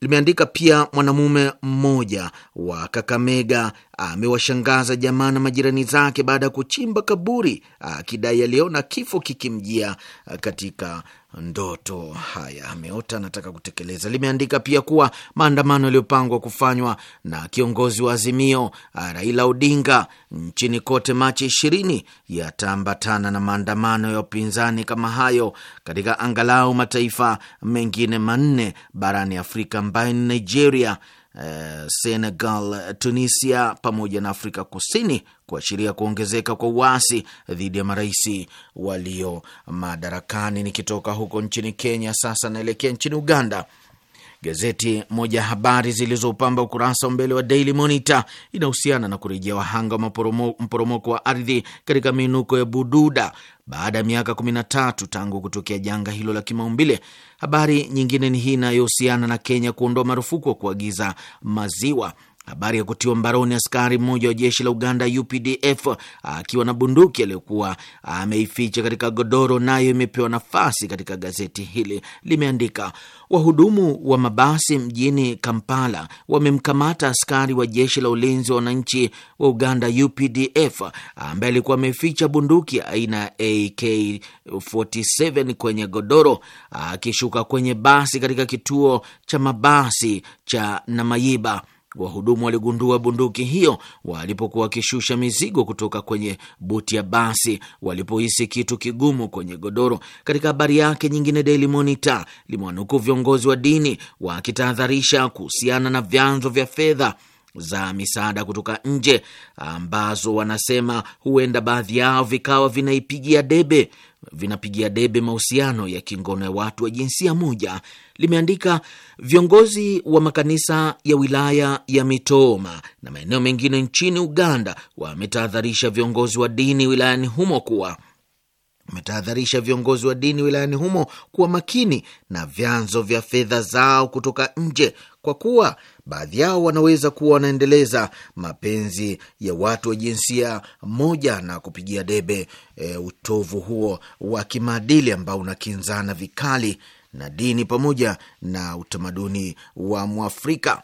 limeandika pia mwanamume mmoja wa Kakamega amewashangaza jamaa na majirani zake baada ya kuchimba kaburi, akidai aliona kifo kikimjia katika ndoto. Haya ameota anataka kutekeleza. Limeandika pia kuwa maandamano yaliyopangwa kufanywa na kiongozi wa Azimio Raila Odinga nchini kote Machi ishirini yataambatana na maandamano ya upinzani kama hayo katika angalau mataifa mengine manne barani Afrika ambayo ni Nigeria, Eh, Senegal, Tunisia pamoja na Afrika Kusini, kuashiria kuongezeka kwa uasi dhidi ya marais walio madarakani. Nikitoka huko nchini Kenya, sasa naelekea nchini Uganda. Gazeti moja ya habari zilizopamba ukurasa wa mbele wa Daily Monitor inahusiana na kurejea wahanga wa mporomoko wa ardhi katika miinuko ya Bududa baada ya miaka 13 tangu kutokea janga hilo la kimaumbile. Habari nyingine ni hii inayohusiana na Kenya kuondoa marufuku wa kuagiza maziwa habari ya kutiwa mbaroni askari mmoja wa jeshi la Uganda UPDF akiwa na bunduki aliyokuwa ameificha katika godoro, nayo imepewa nafasi katika gazeti hili. Limeandika wahudumu wa mabasi mjini Kampala wamemkamata askari wa jeshi la ulinzi wa wananchi wa Uganda UPDF ambaye alikuwa ameficha bunduki aina ya AK47 kwenye godoro akishuka kwenye basi katika kituo cha mabasi cha Namayiba wahudumu waligundua bunduki hiyo walipokuwa wakishusha mizigo kutoka kwenye buti ya basi walipohisi kitu kigumu kwenye godoro. Katika habari yake nyingine, Daily Monitor limewanuku viongozi wa dini wakitahadharisha kuhusiana na vyanzo vya fedha za misaada kutoka nje ambazo wanasema huenda baadhi yao vikawa vinaipigia debe vinapigia debe mahusiano ya kingono ya watu wa jinsia moja, limeandika viongozi wa makanisa ya wilaya ya Mitoma na maeneo mengine nchini Uganda wametahadharisha viongozi wa dini wilayani humo kuwa umetahadharisha viongozi wa dini wilayani humo kuwa makini na vyanzo vya fedha zao kutoka nje kwa kuwa baadhi yao wanaweza kuwa wanaendeleza mapenzi ya watu wa jinsia moja na kupigia debe e, utovu huo wa kimaadili ambao unakinzana vikali na dini pamoja na utamaduni wa Mwafrika.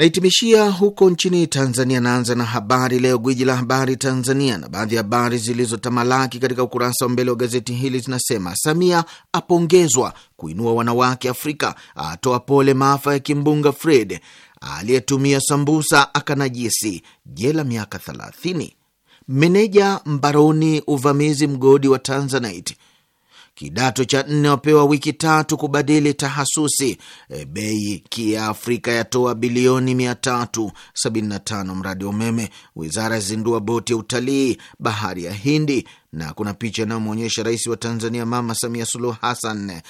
Nahitimishia huko nchini Tanzania. Naanza na Habari Leo, gwiji la habari Tanzania, na baadhi ya habari zilizotamalaki katika ukurasa wa mbele wa gazeti hili zinasema: Samia apongezwa kuinua wanawake Afrika, atoa pole maafa ya kimbunga Fred, aliyetumia sambusa akanajisi, jela miaka 30, meneja mbaroni uvamizi mgodi wa Tanzanite Kidato cha nne wapewa wiki tatu kubadili tahasusi. E, bei ya Afrika yatoa bilioni 375 mradi wa umeme. Wizara yazindua boti ya utalii bahari ya Hindi na kuna picha inayomwonyesha rais wa Tanzania Mama Samia Suluhu Hassan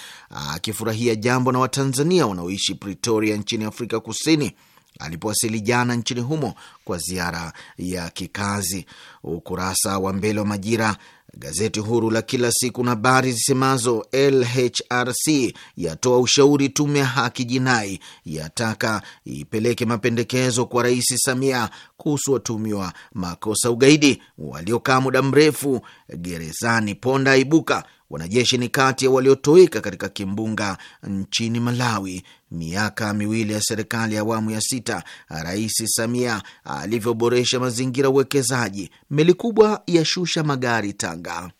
akifurahia jambo na Watanzania wanaoishi Pretoria nchini Afrika Kusini alipowasili jana nchini humo kwa ziara ya kikazi. Ukurasa wa mbele wa Majira, gazeti huru la kila siku na habari zisemazo LHRC yatoa ushauri tume ya haki jinai, yataka ipeleke mapendekezo kwa Rais Samia kuhusu watumiwa makosa ugaidi waliokaa muda mrefu gerezani. Ponda ibuka Wanajeshi ni kati ya waliotoweka katika kimbunga nchini Malawi, miaka miwili ya serikali ya awamu ya sita. Rais Samia alivyoboresha mazingira uwekezaji. Meli kubwa ya shusha magari Tanga.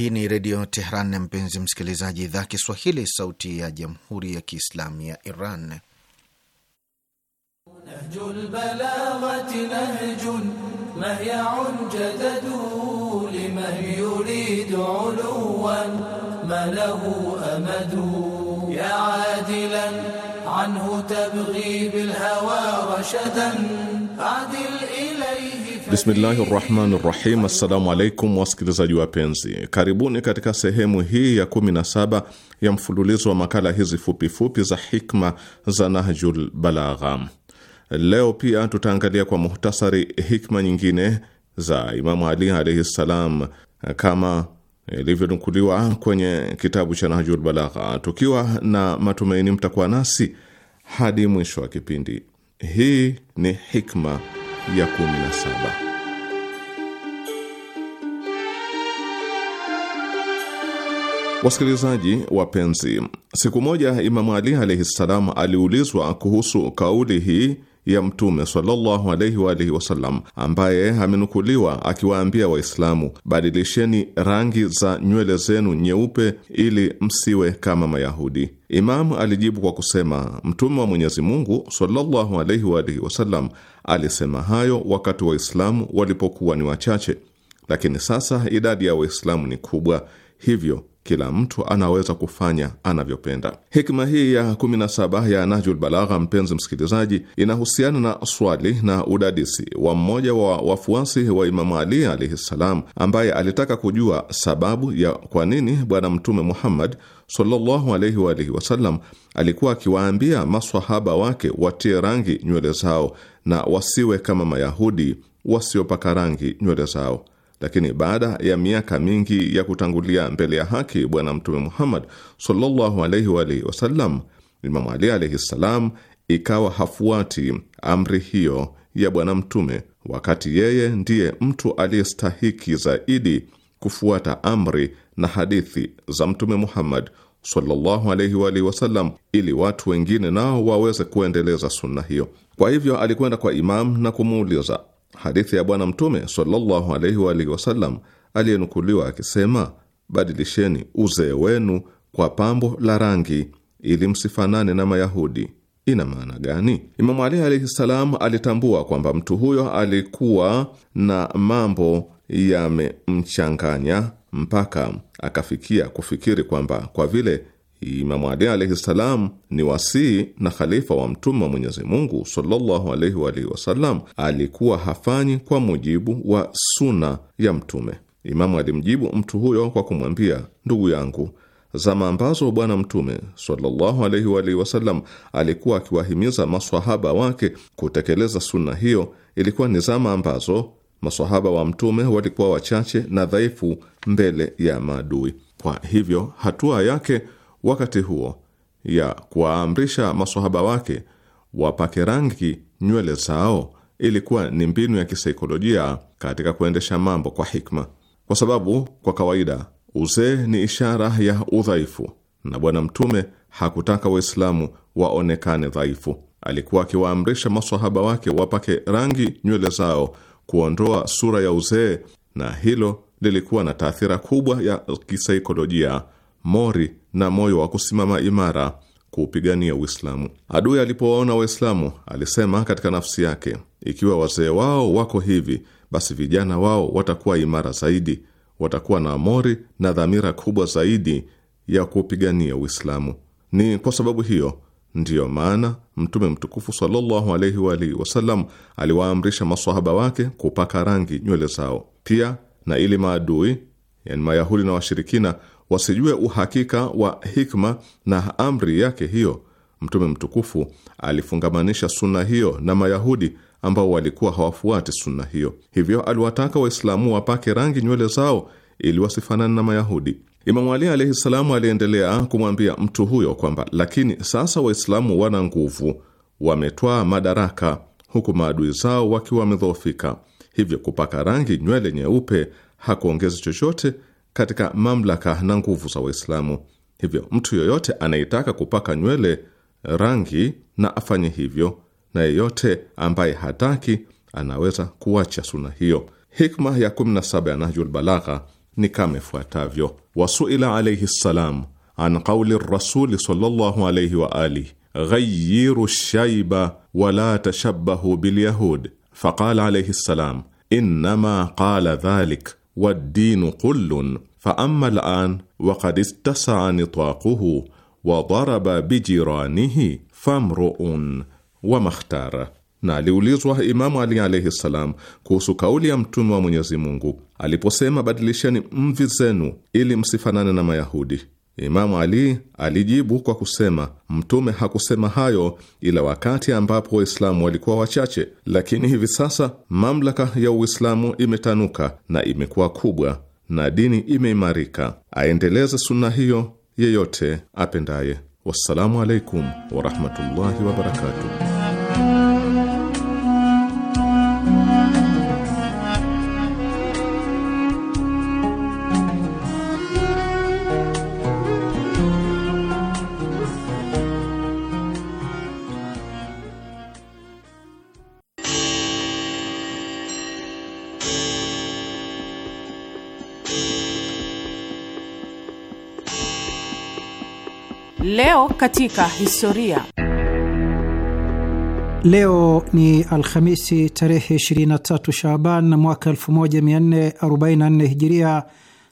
Hii ni Redio Tehran na mpenzi msikilizaji, idhaa Kiswahili, sauti ya jamhuri ya kiislamu ya Iran. Bismillahi rahmani rahim. Assalamu alaikum wasikilizaji wapenzi, karibuni katika sehemu hii ya 17 ya mfululizo wa makala hizi fupifupi za hikma za Nahjul Balagha. Leo pia tutaangalia kwa muhtasari hikma nyingine za Imamu Ali alaihi ssalam kama ilivyonukuliwa kwenye kitabu cha Nahjul Balagha, tukiwa na matumaini mtakuwa nasi hadi mwisho wa kipindi. Hii ni hikma ya 17. Wasikilizaji wapenzi, siku moja Imamu Ali alaihi ssalam aliulizwa kuhusu kauli hii ya Mtume sallallahu alaihi wa alihi wasallam, ambaye amenukuliwa akiwaambia Waislamu, badilisheni rangi za nywele zenu nyeupe ili msiwe kama Mayahudi. Imamu alijibu kwa kusema, Mtume wa Mwenyezi Mungu sallallahu alaihi wa alihi wasallam Alisema hayo wakati Waislamu walipokuwa ni wachache, lakini sasa idadi ya Waislamu ni kubwa, hivyo kila mtu anaweza kufanya anavyopenda. Hikma hii ya 17 ya Nahjul Balagha, mpenzi msikilizaji, inahusiana na swali na udadisi wa mmoja wa wafuasi wa Imamu Ali alaihi ssalam, ambaye alitaka kujua sababu ya kwa nini Bwana Mtume Muhammad sallallahu alaihi wa alihi wasallam alikuwa akiwaambia maswahaba wake watie rangi nywele zao na wasiwe kama Mayahudi wasiopaka rangi nywele zao. Lakini baada ya miaka mingi ya kutangulia mbele ya haki Bwana Mtume Muhammad sallallahu alaihi wa alihi wasallam, Ali alaihi ikawa hafuati amri hiyo ya Bwana Mtume, wakati yeye ndiye mtu aliyestahiki zaidi kufuata amri na hadithi za Mtume Muhammad sallallahu alaihi wa alihi wasallam, ili watu wengine nao waweze kuendeleza sunna hiyo. Kwa hivyo alikwenda kwa imamu na kumuuliza hadithi ya Bwana Mtume sallallahu alaihi wa alihi wasallam aliyenukuliwa akisema, badilisheni uzee wenu kwa pambo la rangi ili msifanane na Mayahudi. Ina maana gani? Imamu Ali alaihi salam alitambua kwamba mtu huyo alikuwa na mambo yamemchanganya mpaka akafikia kufikiri kwamba kwa vile Imamu Ali alaihi ssalam ni wasii na khalifa wa mtume wa Mwenyezi Mungu sallallahu alaihi wa wasallam, alikuwa hafanyi kwa mujibu wa suna ya mtume. Imamu alimjibu mtu huyo kwa kumwambia, ndugu yangu, zama ambazo Bwana Mtume sallallahu alaihi wa wasallam alikuwa akiwahimiza maswahaba wake kutekeleza suna hiyo, ilikuwa ni zama ambazo maswahaba wa mtume walikuwa wachache na dhaifu mbele ya maadui. Kwa hivyo hatua yake wakati huo ya kuwaamrisha masohaba wake wapake rangi nywele zao ilikuwa ni mbinu ya kisaikolojia katika kuendesha mambo kwa hikma, kwa sababu kwa kawaida uzee ni ishara ya udhaifu, na Bwana Mtume hakutaka Waislamu waonekane dhaifu. Alikuwa akiwaamrisha masahaba wake wapake rangi nywele zao kuondoa sura ya uzee, na hilo lilikuwa na taathira kubwa ya kisaikolojia mori na moyo wa kusimama imara kuupigania Uislamu. Adui alipowaona Waislamu alisema katika nafsi yake, ikiwa wazee wao wako hivi, basi vijana wao watakuwa imara zaidi, watakuwa na amori na dhamira kubwa zaidi ya kuupigania Uislamu. Ni kwa sababu hiyo ndiyo maana Mtume mtukufu sallallahu alaihi wa alihi wasallam aliwaamrisha maswahaba wake kupaka rangi nywele zao pia, na ili maadui, yani Mayahudi na washirikina wasijue uhakika wa hikma na amri yake hiyo. Mtume mtukufu alifungamanisha sunna hiyo na Mayahudi ambao walikuwa hawafuati sunna hiyo, hivyo aliwataka Waislamu wapake rangi nywele zao ili wasifanane na Mayahudi. Imamu Ali alaihi salamu aliendelea kumwambia mtu huyo kwamba, lakini sasa Waislamu wana nguvu, wametwaa madaraka, huku maadui zao wakiwa wamedhoofika, hivyo kupaka rangi nywele nyeupe hakuongezi chochote katika mamlaka na nguvu za Waislamu. Hivyo mtu yoyote anayetaka kupaka nywele rangi na afanye hivyo, na yeyote ambaye hataki anaweza kuacha suna hiyo. Hikma ya 17 ya Nahjul Balagha ni kama ifuatavyo: wasuila alaihi ssalam an qauli rasuli sallallahu alaihi wa alihi ghayiru shaiba wala tashabahu bilyahud faqala alaihi ssalam innama qala dhalik waddinu qullun fa amma lan wakad istasaa nitaquhu wa daraba bijiranihi famruun wa makhtara. Na aliulizwa Imamu Ali alayhi ssalam kuhusu kauli ya Mtume wa Mwenyezi Mungu aliposema, badilisheni mvi zenu ili msifanane na Mayahudi. Imamu Ali alijibu kwa kusema, Mtume hakusema hayo ila wakati ambapo Waislamu walikuwa wachache, lakini hivi sasa mamlaka ya Uislamu imetanuka na imekuwa kubwa na dini imeimarika, aendeleze sunna hiyo yeyote apendaye. Wassalamu alaikum warahmatullahi wabarakatuh. Leo katika historia. Leo ni Alhamisi tarehe 23 Shaaban mwaka 1444 Hijiria,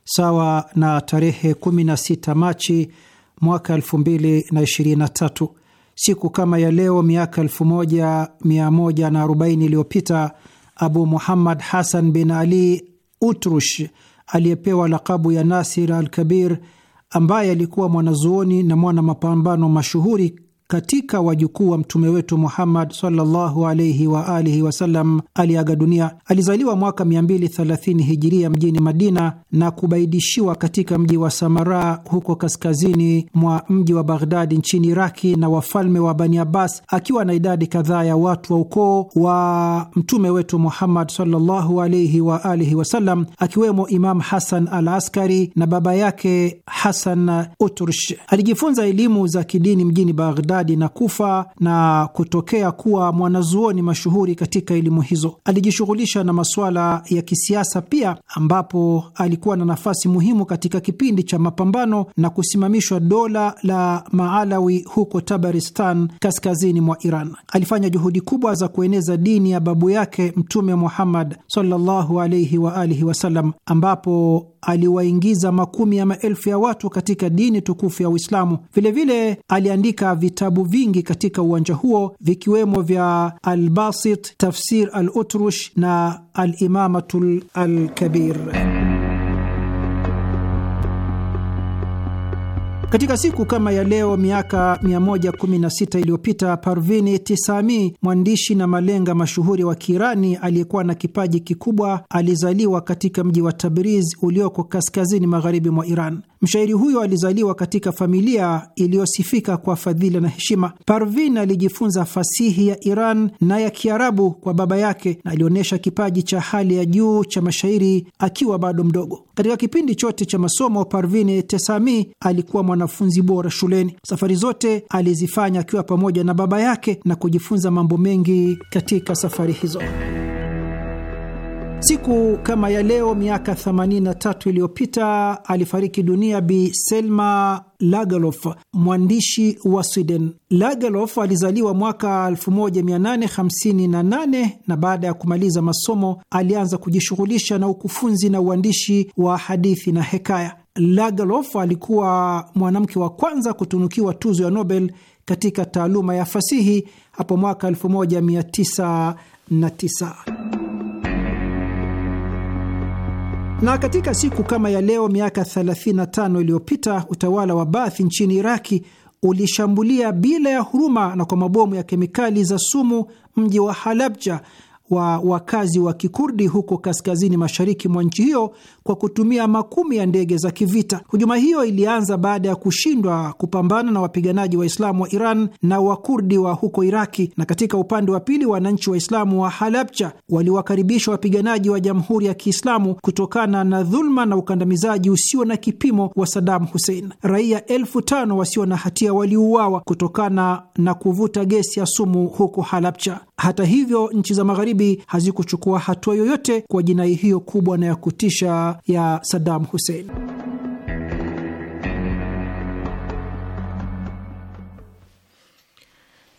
sawa na tarehe 16 Machi mwaka 2023. Siku kama ya leo miaka 1140 iliyopita Abu Muhammad Hasan bin Ali Utrush aliyepewa lakabu ya Nasir al Kabir ambaye alikuwa mwanazuoni na mwana mapambano mashuhuri katika wajukuu wa mtume wetu Muhammad sallallahu alaihi wa alihi wasallam aliaga dunia. Alizaliwa mwaka 230 hijiria mjini Madina na kubaidishiwa katika mji wa Samara huko kaskazini mwa mji wa Baghdadi nchini Iraki na wafalme wa Bani Abbas, akiwa na idadi kadhaa ya watu wa ukoo wa mtume wetu Muhammad sallallahu alaihi wa alihi wasallam, akiwemo Imam Hasan al Askari na baba yake Hasan utrsh Alijifunza elimu za kidini mjini Baghdadi Baghdadi na Kufa na kutokea kuwa mwanazuoni mashuhuri katika elimu hizo. Alijishughulisha na masuala ya kisiasa pia, ambapo alikuwa na nafasi muhimu katika kipindi cha mapambano na kusimamishwa dola la Maalawi huko Tabaristan, kaskazini mwa Iran. Alifanya juhudi kubwa za kueneza dini ya babu yake Mtume Muhammad sallallahu alaihi wa alihi wasallam ambapo aliwaingiza makumi ya maelfu ya watu katika dini tukufu ya Uislamu. Vilevile aliandika vitabu vingi katika uwanja huo vikiwemo vya Albasit, Tafsir al Utrush na alimamatu alkabir Katika siku kama ya leo miaka 116 iliyopita Parvini Tisami, mwandishi na malenga mashuhuri wa Kiirani aliyekuwa na kipaji kikubwa, alizaliwa katika mji wa Tabriz ulioko kaskazini magharibi mwa Iran. Mshairi huyo alizaliwa katika familia iliyosifika kwa fadhila na heshima. Parvin alijifunza fasihi ya Iran na ya Kiarabu kwa baba yake na alionyesha kipaji cha hali ya juu cha mashairi akiwa bado mdogo. Katika kipindi chote cha masomo, Parvin Tesami alikuwa mwanafunzi bora shuleni. Safari zote alizifanya akiwa pamoja na baba yake na kujifunza mambo mengi katika safari hizo. Siku kama ya leo miaka 83 iliyopita alifariki dunia Bi Selma Lagerlof, mwandishi wa Sweden. Lagerlof alizaliwa mwaka 1858 na baada ya kumaliza masomo alianza kujishughulisha na ukufunzi na uandishi wa hadithi na hekaya. Lagerlof alikuwa mwanamke wa kwanza kutunukiwa tuzo ya Nobel katika taaluma ya fasihi hapo mwaka 1909. Na katika siku kama ya leo miaka 35 iliyopita utawala wa Baathi nchini Iraki ulishambulia bila ya huruma na kwa mabomu ya kemikali za sumu mji wa Halabja wa wakazi wa Kikurdi huko kaskazini mashariki mwa nchi hiyo kwa kutumia makumi ya ndege za kivita. Hujuma hiyo ilianza baada ya kushindwa kupambana na wapiganaji Waislamu wa Iran na Wakurdi wa huko Iraki, na katika upande wa pili wananchi Waislamu wa Halabcha waliwakaribisha wapiganaji wa Jamhuri ya Kiislamu kutokana na dhuluma na ukandamizaji usio na kipimo wa Saddam Hussein. Raia elfu tano wasio na hatia waliuawa kutokana na kuvuta gesi ya sumu huko Halabcha. Hata hivyo, nchi za Magharibi hazikuchukua hatua yoyote kwa jinai hiyo kubwa na ya kutisha ya Saddam Hussein.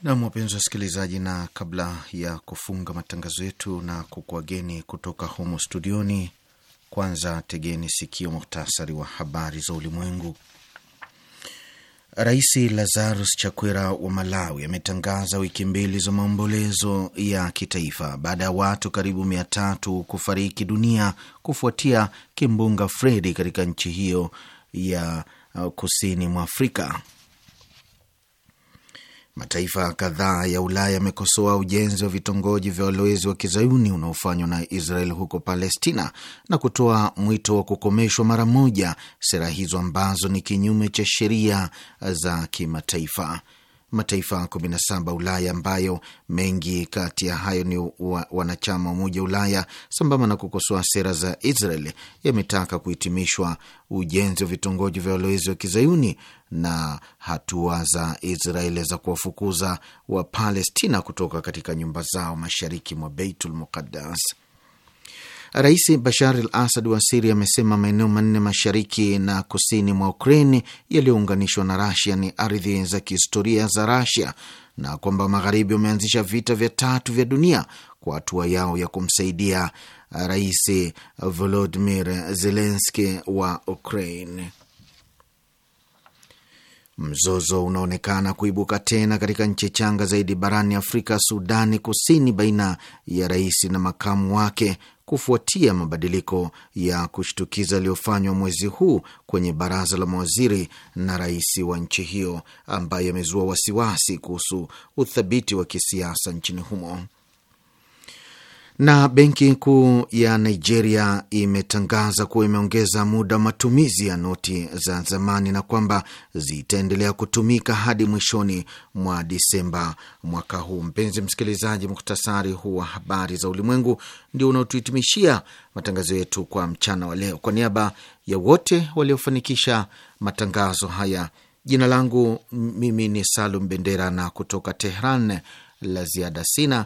Nam, wapenzi wasikilizaji, na kabla ya kufunga matangazo yetu na kukuageni kutoka humo studioni, kwanza tegeni sikio muhtasari wa habari za ulimwengu. Rais Lazarus Chakwera wa Malawi ametangaza wiki mbili za maombolezo ya kitaifa baada ya watu karibu mia tatu kufariki dunia kufuatia kimbunga Fredi katika nchi hiyo ya uh, kusini mwa Afrika. Mataifa kadhaa ya Ulaya yamekosoa ujenzi wa vitongoji vya walowezi wa kizayuni unaofanywa na Israel huko Palestina na kutoa mwito wa kukomeshwa mara moja sera hizo ambazo ni kinyume cha sheria za kimataifa mataifa 17 Ulaya ambayo mengi kati ya hayo ni wanachama wa Umoja wa Ulaya, sambamba na kukosoa sera za Israel, yametaka kuhitimishwa ujenzi wa vitongoji vya walowezi wa kizayuni na hatua za Israel za kuwafukuza Wapalestina kutoka katika nyumba zao mashariki mwa Beitul Muqaddas. Rais Bashar al Asad wa Siria amesema maeneo manne mashariki na kusini mwa ukrain yaliyounganishwa na Rasia ni ardhi za kihistoria za Rasia na kwamba magharibi wameanzisha vita vya tatu vya dunia kwa hatua yao ya kumsaidia Rais Volodimir Zelenski wa Ukraine. Mzozo unaonekana kuibuka tena katika nchi changa zaidi barani Afrika, Sudani Kusini, baina ya rais na makamu wake kufuatia mabadiliko ya kushtukiza yaliyofanywa mwezi huu kwenye baraza la mawaziri na rais wa nchi hiyo ambaye amezua wasiwasi kuhusu uthabiti wa kisiasa nchini humo. Na benki kuu ya Nigeria imetangaza kuwa imeongeza muda wa matumizi ya noti za zamani na kwamba zitaendelea kutumika hadi mwishoni mwa Disemba mwaka huu. Mpenzi msikilizaji, muktasari huu wa habari za ulimwengu ndio unaotuhitimishia matangazo yetu kwa mchana wa leo. Kwa niaba ya wote waliofanikisha matangazo haya, jina langu mimi ni Salum Bendera na kutoka Tehran la ziada sina